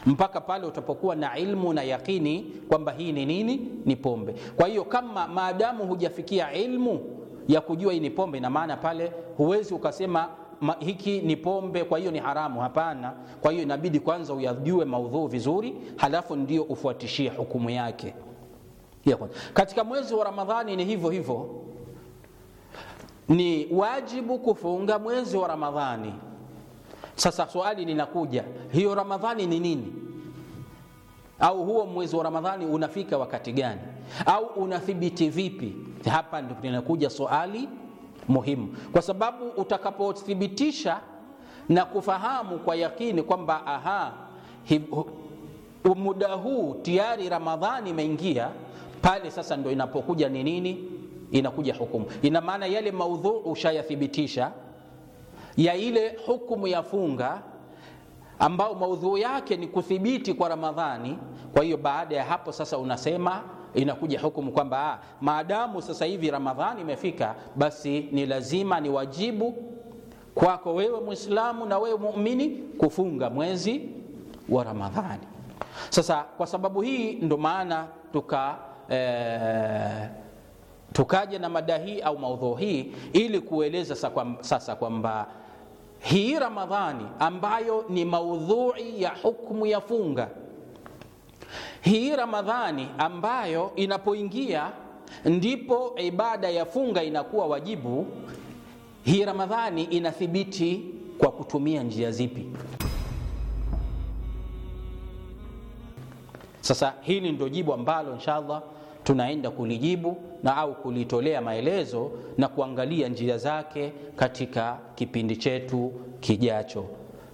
mpaka pale utapokuwa na ilmu na yakini kwamba hii ni nini, ni pombe. Kwa hiyo kama maadamu hujafikia ilmu ya kujua hii ni pombe, ina maana pale huwezi ukasema ma, hiki ni pombe, kwa hiyo ni haramu. Hapana. Kwa hiyo inabidi kwanza uyajue maudhuu vizuri, halafu ndio ufuatishie hukumu yake. Katika mwezi wa Ramadhani ni hivyo hivyo, ni wajibu kufunga mwezi wa Ramadhani sasa swali linakuja, hiyo Ramadhani ni nini? Au huo mwezi wa Ramadhani unafika wakati gani? Au unathibiti vipi? Hapa ndipo linakuja swali muhimu, kwa sababu utakapothibitisha na kufahamu kwa yakini kwamba aha, muda huu tayari Ramadhani imeingia, pale sasa ndo inapokuja ni nini? Inakuja hukumu. Ina maana yale maudhuu ushayathibitisha ya ile hukumu ya funga ambao maudhuu yake ni kuthibiti kwa Ramadhani. Kwa hiyo baada ya hapo sasa unasema inakuja hukumu kwamba ah, maadamu sasa hivi Ramadhani imefika, basi ni lazima ni wajibu kwako wewe Muislamu na wewe muumini kufunga mwezi wa Ramadhani. Sasa kwa sababu hii ndo maana tuka e, eh, tukaja na mada hii au maudhuu hii ili kueleza sasa kwamba hii Ramadhani ambayo ni maudhui ya hukumu ya funga, hii Ramadhani ambayo inapoingia ndipo ibada ya funga inakuwa wajibu. Hii Ramadhani inathibiti kwa kutumia njia zipi? Sasa hili ndio jibu ambalo inshallah tunaenda kulijibu na au kulitolea maelezo na kuangalia njia zake katika kipindi chetu kijacho.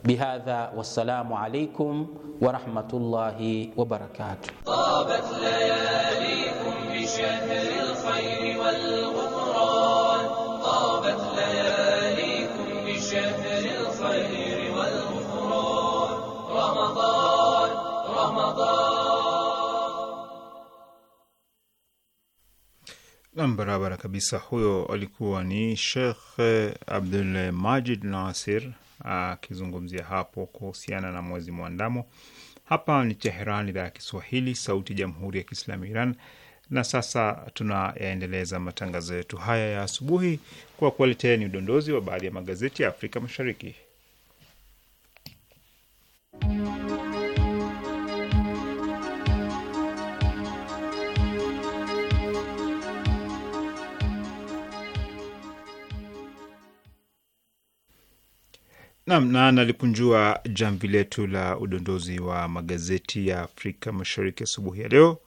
Bihadha, wassalamu alaikum warahmatullahi wabarakatuh. Tabat layalikum bishahri Ramadan, Ramadan Barabara kabisa. Huyo alikuwa ni Shekh eh, Abdul Majid Nasir akizungumzia hapo kuhusiana na mwezi mwandamo. Hapa ni Teheran, idhaa ya Kiswahili, sauti ya jamhuri ya kiislamu Iran. Na sasa tunayaendeleza matangazo yetu haya ya asubuhi kwa kuwaletea ni udondozi wa baadhi ya magazeti ya Afrika Mashariki. Nam na nalikunjua jamvi letu la udondozi wa magazeti ya Afrika Mashariki asubuhi ya leo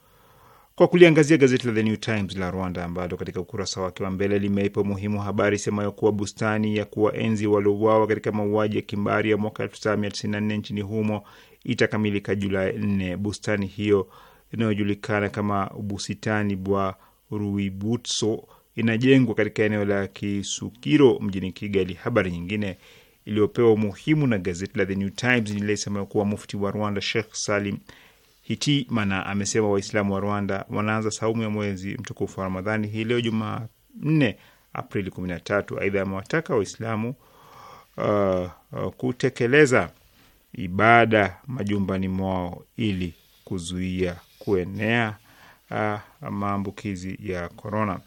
kwa kuliangazia gazeti la The New Times la Rwanda ambalo katika ukurasa wake wa mbele limeipa umuhimu habari isemayo kuwa bustani ya kuwaenzi waliouawa katika mauaji ya kimbari ya mwaka 1994 nchini humo itakamilika Julai 4. Bustani hiyo inayojulikana kama Busitani bwa Ruibutso inajengwa katika eneo la Kisukiro mjini Kigali. Habari nyingine iliyopewa umuhimu na gazeti la The New Times nilisema kuwa mufti wa Rwanda Sheikh Salim Hitimana amesema Waislamu wa Rwanda wanaanza saumu ya mwezi mtukufu wa Ramadhani hii leo Jumanne Aprili 13. Aidha, amewataka Waislamu uh, uh, kutekeleza ibada majumbani mwao ili kuzuia kuenea uh, maambukizi ya korona.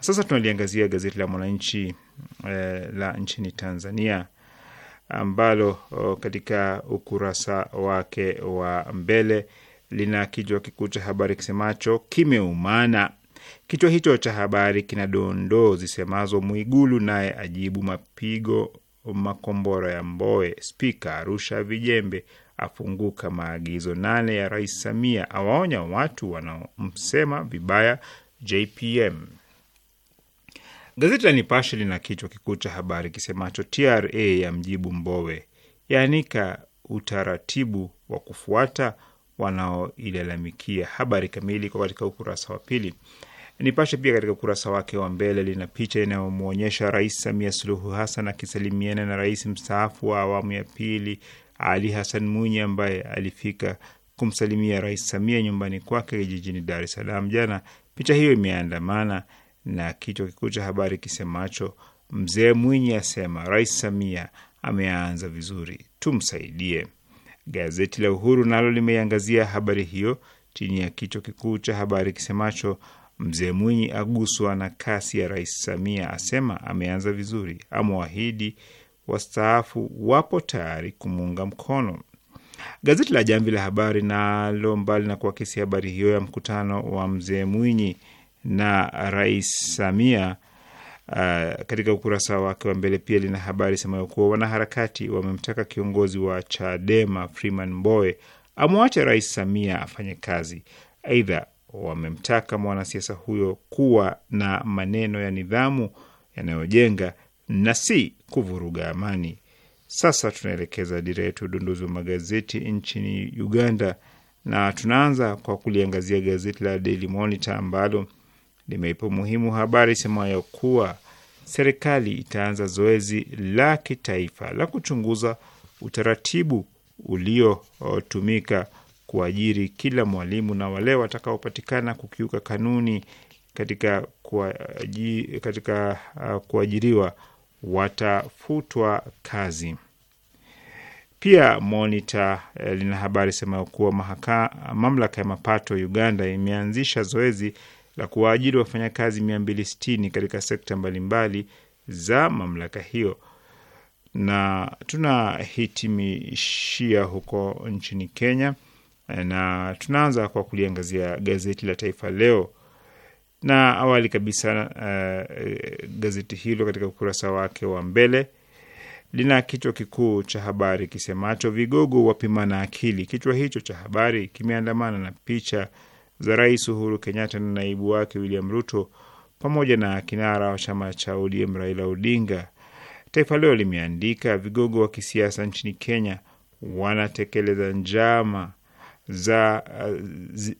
Sasa tunaliangazia gazeti la Mwananchi uh, la nchini Tanzania ambalo katika ukurasa wake wa mbele lina kichwa kikuu cha habari kisemacho kimeumana. Kichwa hicho cha habari kina dondoo zisemazo Mwigulu naye ajibu mapigo makombora ya mboe spika arusha vijembe, afunguka maagizo nane ya Rais Samia, awaonya watu wanaomsema vibaya JPM. Gazeti la Nipashe lina kichwa kikuu cha habari kisemacho TRA ya mjibu Mbowe, yaanika utaratibu wa kufuata wanaoilalamikia. Habari kamili iko katika ukurasa wa pili. Nipashe pia katika ukurasa wake wa mbele lina picha inayomwonyesha Rais Samia Suluhu Hassan akisalimiana na rais mstaafu wa awamu ya pili Ali Hassan Mwinyi ambaye alifika kumsalimia Rais Samia nyumbani kwake jijini Dar es Salaam jana. Picha hiyo imeandamana na kichwa kikuu cha habari kisemacho mzee Mwinyi asema Rais Samia ameanza vizuri, tumsaidie. Gazeti la Uhuru nalo limeiangazia habari hiyo chini ya kichwa kikuu cha habari kisemacho mzee Mwinyi aguswa na kasi ya Rais Samia, asema ameanza vizuri, amewahidi wastaafu wapo tayari kumuunga mkono. Gazeti la Jamvi la Habari nalo mbali na kuakisi habari hiyo ya mkutano wa mzee Mwinyi na Rais Samia uh, katika ukurasa wake wa mbele pia lina habari semayo kuwa wanaharakati wamemtaka kiongozi wa Chadema Freeman Mbowe amwache Rais Samia afanye kazi. Aidha, wamemtaka mwanasiasa huyo kuwa na maneno ya nidhamu yanayojenga na si kuvuruga amani. Sasa tunaelekeza dira yetu ya wa magazeti nchini Uganda, na tunaanza kwa kuliangazia gazeti la Daily Monitor ambalo limeipa umuhimu habari ya kuwa serikali itaanza zoezi la kitaifa la kuchunguza utaratibu uliotumika kuajiri kila mwalimu na wale watakaopatikana kukiuka kanuni katika kuajiri, katika uh, kuajiriwa watafutwa kazi. Pia uh, lina habari sema kuwa mamlaka ya mapato Uganda imeanzisha zoezi la kuwaajiri wafanyakazi 260 katika sekta mbalimbali za mamlaka hiyo. Na tunahitimishia huko nchini Kenya na tunaanza kwa kuliangazia gazeti la Taifa Leo na awali kabisa uh, gazeti hilo katika ukurasa wake wa mbele lina kichwa kikuu cha habari kisemacho vigogo wapimana akili. Kichwa hicho cha habari kimeandamana na picha za Rais Uhuru Kenyatta na naibu wake William Ruto pamoja na kinara wa chama cha ODM Raila Odinga. Taifa Leo limeandika vigogo wa kisiasa nchini Kenya wanatekeleza njama za uh,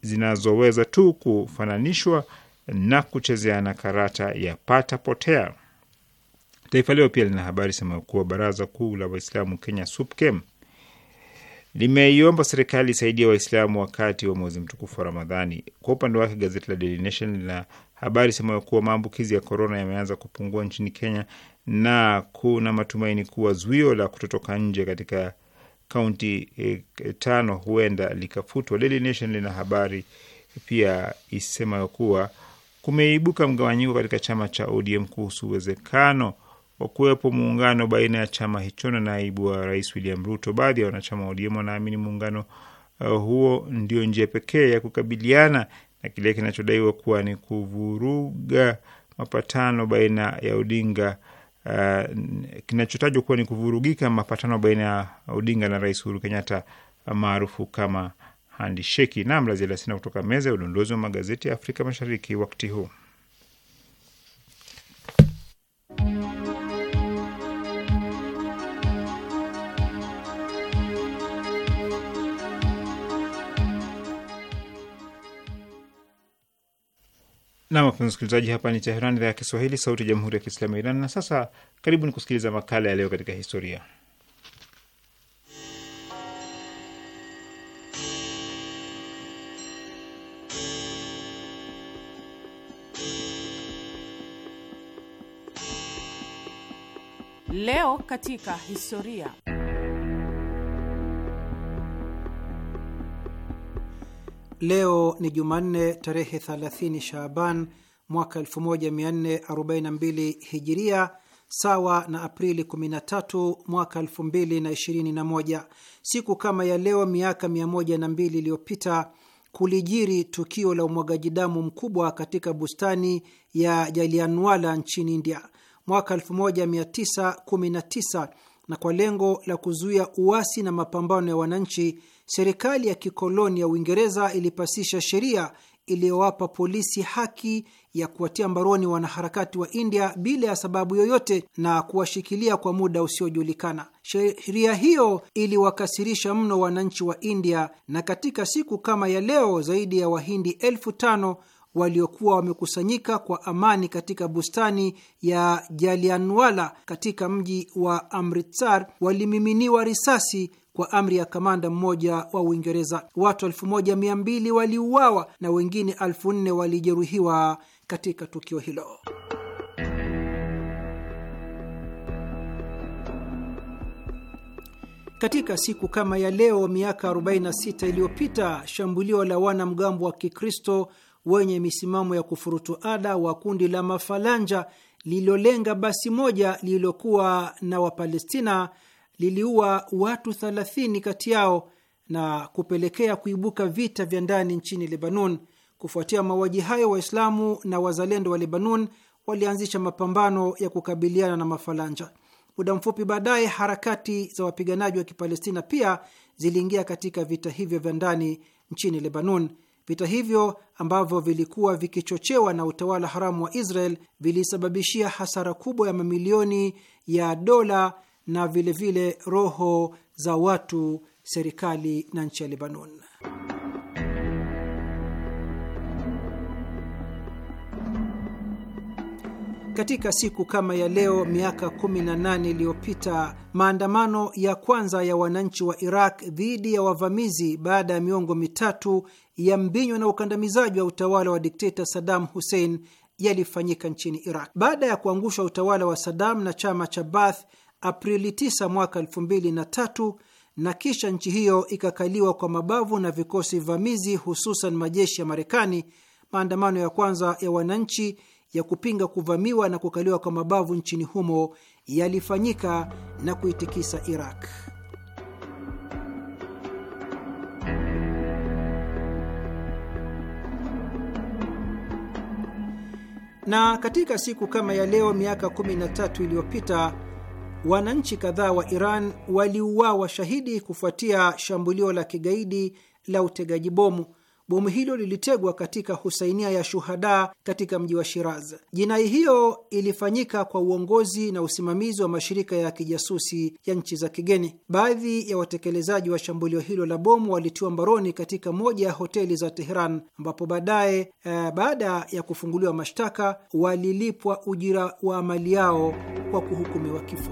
zinazoweza tu kufananishwa na kuchezeana karata ya pata potea. Taifa Leo pia lina habari sema kuwa baraza kuu la Waislamu Kenya SUPKEM limeiomba serikali isaidia Waislamu wakati wa mwezi mtukufu wa Ramadhani. Kwa upande wake gazeti la Daily Nation lina habari sema kuwa maambukizi ya korona yameanza kupungua nchini Kenya na kuna matumaini kuwa zuio la kutotoka nje katika kaunti eh, tano huenda likafutwa. Daily Nation lina habari pia isemayo kuwa kumeibuka mgawanyiko katika chama cha ODM kuhusu uwezekano wa kuwepo muungano baina ya chama hicho na naibu wa rais William Ruto. Baadhi ya wanachama wa ODM wanaamini muungano uh, huo ndio njia pekee ya kukabiliana na kile kinachodaiwa kuwa ni kuvuruga mapatano baina ya Odinga uh, kinachotajwa kuwa ni kuvurugika mapatano baina ya Odinga na rais Uhuru Kenyatta maarufu kama handisheki. Namlazilasina kutoka meza ya udondozi wa magazeti ya Afrika Mashariki wakati huu Nam, wapenzi msikilizaji, hapa ni Teheran, idhaa ya Kiswahili, sauti ya jamhuri ya kiislamu ya Iran. Na sasa karibu ni kusikiliza makala ya leo katika historia. Leo katika historia. Leo ni Jumanne tarehe 30 Shaaban mwaka 1442 Hijiria, sawa na Aprili 13 mwaka 2021. Siku kama ya leo miaka 102 iliyopita kulijiri tukio la umwagaji damu mkubwa katika bustani ya Jalianwala nchini India. Mwaka 1919 na kwa lengo la kuzuia uasi na mapambano ya wananchi, serikali ya kikoloni ya Uingereza ilipasisha sheria iliyowapa polisi haki ya kuwatia mbaroni wanaharakati wa India bila ya sababu yoyote na kuwashikilia kwa muda usiojulikana. Sheria hiyo iliwakasirisha mno wananchi wa India, na katika siku kama ya leo zaidi ya Wahindi elfu tano waliokuwa wamekusanyika kwa amani katika bustani ya Jalianwala katika mji wa Amritsar walimiminiwa risasi kwa amri ya kamanda mmoja wa Uingereza. Watu elfu moja mia mbili waliuawa na wengine elfu nne walijeruhiwa katika tukio hilo. Katika siku kama ya leo miaka 46 iliyopita, shambulio la wanamgambo wa Kikristo wenye misimamo ya kufurutu ada wa kundi la Mafalanja lililolenga basi moja lililokuwa na Wapalestina liliua watu 30 kati yao na kupelekea kuibuka vita vya ndani nchini Lebanon. Kufuatia mauaji hayo, Waislamu na wazalendo wa Lebanon walianzisha mapambano ya kukabiliana na Mafalanja. Muda mfupi baadaye, harakati za wapiganaji wa Kipalestina pia ziliingia katika vita hivyo vya ndani nchini Lebanon. Vita hivyo ambavyo vilikuwa vikichochewa na utawala haramu wa Israel vilisababishia hasara kubwa ya mamilioni ya dola na vilevile vile roho za watu, serikali na nchi ya Lebanon. katika siku kama ya leo miaka 18 iliyopita maandamano ya kwanza ya wananchi wa Iraq dhidi ya wavamizi baada ya miongo mitatu ya mbinywa na ukandamizaji wa utawala wa dikteta Saddam Hussein yalifanyika nchini Iraq baada ya kuangusha utawala wa Saddam na chama cha Baath Aprili 9 mwaka 2003 na kisha nchi hiyo ikakaliwa kwa mabavu na vikosi vamizi, hususan majeshi ya Marekani. Maandamano ya kwanza ya wananchi ya kupinga kuvamiwa na kukaliwa kwa mabavu nchini humo yalifanyika na kuitikisa Iraq. Na katika siku kama ya leo miaka 13 iliyopita wananchi kadhaa wa Iran waliuawa shahidi kufuatia shambulio la kigaidi la utegaji bomu Bomu hilo lilitegwa katika husainia ya shuhada katika mji wa Shiraz. Jinai hiyo ilifanyika kwa uongozi na usimamizi wa mashirika ya kijasusi ya nchi za kigeni. Baadhi ya watekelezaji wa shambulio hilo la bomu walitiwa mbaroni katika moja ya hoteli za Teheran, ambapo baadaye eh, baada ya kufunguliwa mashtaka walilipwa ujira wa amali yao kwa kuhukumiwa kifo.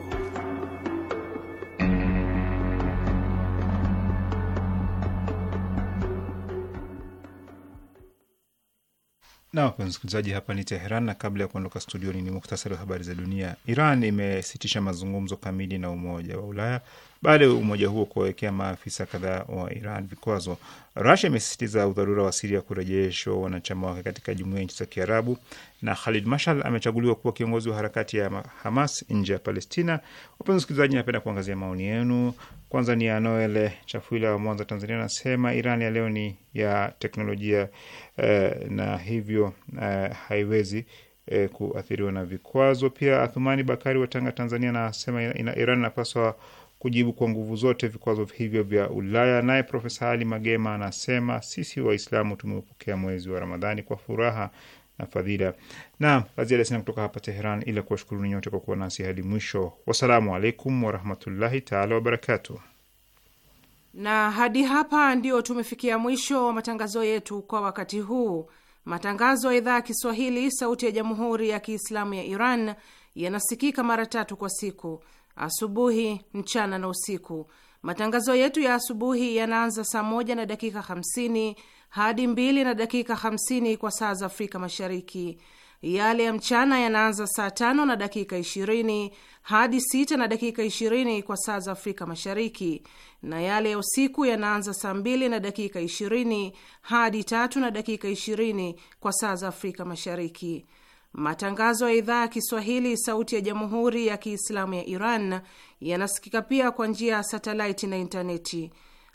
Na wapenzi hapa ni Teheran, na kabla ya kuondoka studioni ni muktasari wa habari za dunia. Iran imesitisha mazungumzo kamili na Umoja wa Ulaya baada ya umoja huo kuwawekea maafisa kadhaa wa Iran vikwazo. Rusia imesisitiza udharura wa Siria kurejeshwa wanachama wake katika jumuiya ya nchi za Kiarabu, na Khalid Mashal amechaguliwa kuwa kiongozi wa harakati ya Hamas nje ya Palestina. Wapenzi skilizaji napenda kuangazia maoni yenu kwanza ni ya Noel Chafuila wa Mwanza, Tanzania, anasema Iran ya leo ni ya teknolojia eh, na hivyo eh, haiwezi eh, kuathiriwa na vikwazo. Pia Athumani Bakari wa Tanga, Tanzania, anasema ina, Iran inapaswa kujibu kwa nguvu zote vikwazo hivyo vya Ulaya. Naye Profesa Ali Magema anasema sisi Waislamu tumeupokea mwezi wa Ramadhani kwa furaha fadhila na lazia dasina kutoka hapa Teheran, ila kuwashukuruni nyote kwa kuwa nasi hadi mwisho. Wassalamu alaikum warahmatullahi taala wabarakatuh. Na hadi hapa ndio tumefikia mwisho wa matangazo yetu kwa wakati huu. Matangazo ya idhaa ya Kiswahili sauti ya jamhuri ya Kiislamu ya Iran yanasikika mara tatu kwa siku: asubuhi, mchana na usiku. Matangazo yetu ya asubuhi yanaanza saa moja na dakika hamsini hadi mbili na dakika hamsini kwa saa za Afrika Mashariki. Yale ya mchana yanaanza saa tano na dakika ishirini hadi sita na dakika ishirini kwa saa za Afrika Mashariki, na yale ya usiku yanaanza saa mbili na dakika ishirini hadi tatu na dakika ishirini kwa saa za Afrika Mashariki. Matangazo ya idhaa ya Kiswahili sauti ya Jamhuri ya Kiislamu ya Iran yanasikika pia kwa njia ya satelaiti na intaneti.